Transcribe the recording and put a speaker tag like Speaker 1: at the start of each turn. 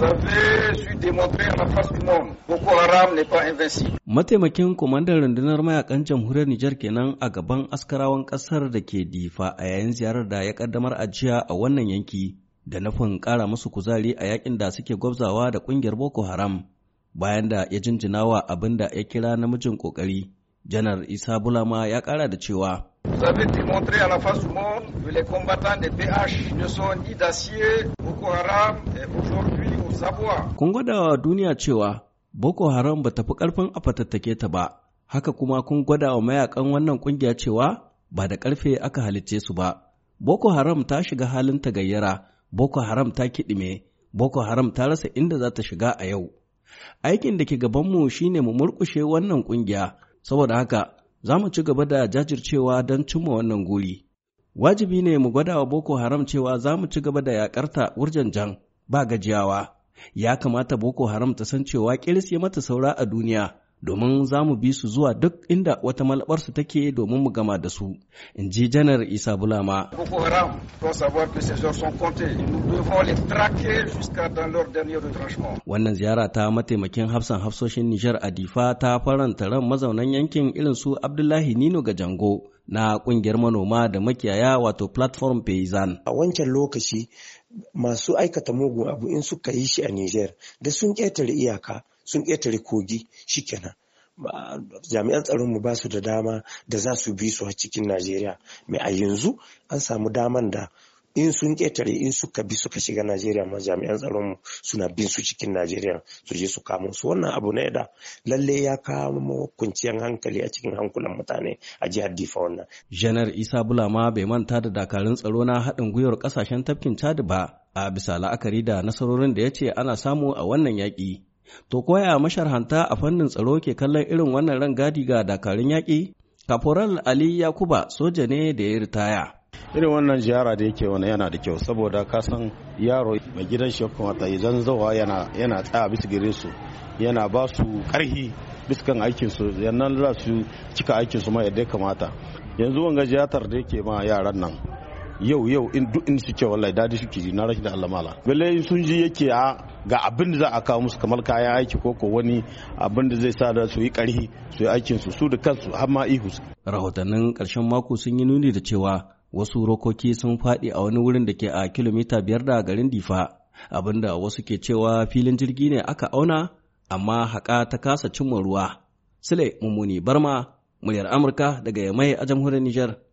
Speaker 1: avez su démontrer la face Boko Haram n'est pas invincible.
Speaker 2: Mataimakin kwamandan rundunar mayakan jamhuriyar Nijar kenan a gaban askarawan kasar da ke difa a yayin ziyarar da ya kaddamar ajiya a wannan yanki da nufin kara musu kuzari a yakin da suke gwabzawa da kungiyar Boko Haram bayan da ya jinjina wa abin da ya kira namijin kokari. Janar Isa Bulama ya kara da cewa
Speaker 1: Vous avez démontré à la face du monde que les combattants des PH ne sont ni d'acier, Boko Haram et aujourd'hui
Speaker 2: Kun gwada wa duniya cewa Boko Haram ba tafi ƙarfin a fatattake ta ba, haka kuma kun gwada wa mayakan wannan ƙungiya cewa ba da ƙarfe aka halicce su ba. Boko Haram ta shiga halin tagayyara, Boko Haram ta kiɗime, Boko Haram ta rasa inda za ta shiga a yau. Aikin da ke gabanmu shine mu murƙushe wannan ƙungiya, saboda haka za mu ci gaba da jajircewa don cimma wannan guri. Wajibi ne mu gwada wa Boko Haram cewa za mu ci gaba da yaƙarta jan ba gajiyawa. ya kamata Boko Haram ta san cewa ƙiris mata saura a duniya domin za mu bi su zuwa duk inda wata malabarsu take domin mu gama da su in ji janar isa bulama wannan ziyara ta mataimakin hafsan hafsoshin nijar adifa ta faranta ran mazaunan yankin irin su abdullahi nino ga jango, na kungiyar manoma da makiyaya wato
Speaker 3: platform paysan a wancan lokaci masu aikata mugun abu in suka yi shi a niger da sun ƙetare iyaka sun ƙetare kogi shikenan jami'an tsaron mu ba su da dama da za su bi su a cikin najeriya mai a yanzu an samu daman da in sun ƙetare in suka bi suka shiga najeriya ma jami'an tsaron mu suna bin su cikin najeriya su je su kamo su wannan abu na da lalle ya kamo kunciyan hankali a cikin hankulan mutane a jihar difa wannan
Speaker 2: janar isa bulama bai manta da dakarun tsaro na haɗin gwiwar kasashen tafkin chad ba a bisa la'akari da nasarorin da ya ce ana samu a wannan yaƙi To koya masharhanta a fannin tsaro ke kallon irin wannan rangadi
Speaker 4: ga dakarun yaƙi? Kaporal Ali Yakuba soja ne da ya ritaya. Irin wannan ziyara da yake wani yana da kyau saboda ka san yaro mai gidan shi kamata idan zawa yana yana tsaya bisa gare su yana ba su karhi biskan aikin su yannan za su cika aikin su ma yadda kamata. Yanzu wanga ziyartar da yake ma yaran nan yau yau in duk in suke wallahi dadi suke na rashin da Allah mala balle in sun ji yake a ga abin da za a kawo musu kamar kayan aiki ko ko wani abin da zai sa da su yi karhi su yi aikin su su da kansu har ma ihu rahotannin karshen mako sun yi nuni da cewa wasu
Speaker 2: rokoki sun faɗi a wani wurin da ke a kilomita biyar da garin difa abinda wasu ke cewa filin jirgi ne aka auna amma haƙa ta kasa cimma ruwa sule mummuni barma muryar amurka daga yamai a jamhuriyar nijar